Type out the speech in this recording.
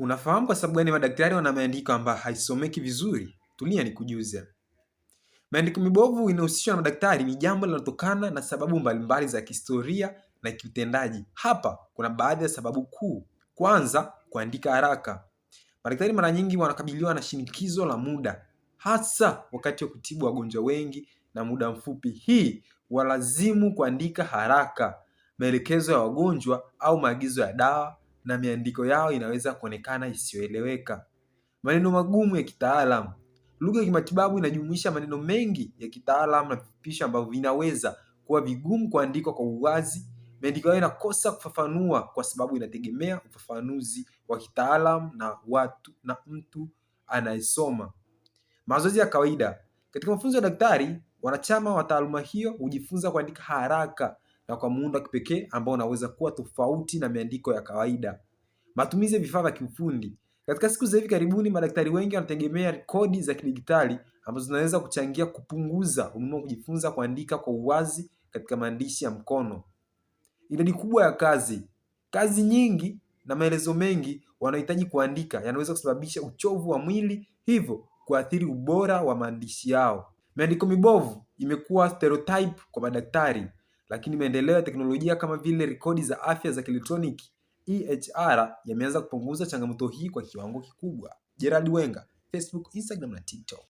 Unafahamu kwa sababu gani madaktari wana maandiko ambayo haisomeki vizuri? Tulia nikujuze. Maandiko mibovu inahusishwa na madaktari ni jambo linalotokana na sababu mbalimbali za kihistoria na kiutendaji. Hapa kuna baadhi ya sababu kuu. Kwanza, kuandika haraka. Madaktari mara nyingi wanakabiliwa na shinikizo la muda, hasa wakati wa kutibu wagonjwa wengi na muda mfupi. Hii walazimu kuandika haraka maelekezo ya wagonjwa au maagizo ya dawa na miandiko yao inaweza kuonekana isiyoeleweka. Maneno magumu ya kitaalamu. Lugha ya kimatibabu inajumuisha maneno mengi ya kitaalamu na vifupisho ambavyo vinaweza kuwa vigumu kuandikwa kwa uwazi. Miandiko yao inakosa kufafanua kwa sababu inategemea ufafanuzi wa kitaalamu na watu na mtu anayesoma. Mazoezi ya kawaida. Katika mafunzo ya daktari, wanachama wa taaluma hiyo hujifunza kuandika haraka na kwa muundo wa kipekee ambao unaweza kuwa tofauti na miandiko ya kawaida. Matumizi ya vifaa vya kiufundi. Katika siku za hivi karibuni, madaktari wengi wanategemea kodi za kidijitali ambazo zinaweza kuchangia kupunguza umuhimu wa kujifunza kuandika kwa uwazi katika maandishi ya mkono. Idadi kubwa ya kazi. Kazi nyingi na maelezo mengi wanaohitaji kuandika yanaweza kusababisha uchovu wa mwili, hivyo kuathiri ubora wa maandishi yao. Miandiko mibovu imekuwa stereotype kwa madaktari. Lakini maendeleo ya teknolojia kama vile rekodi za afya za kielektroniki EHR yameanza kupunguza changamoto hii kwa kiwango kikubwa. Gerald Wenga, Facebook, Instagram na TikTok.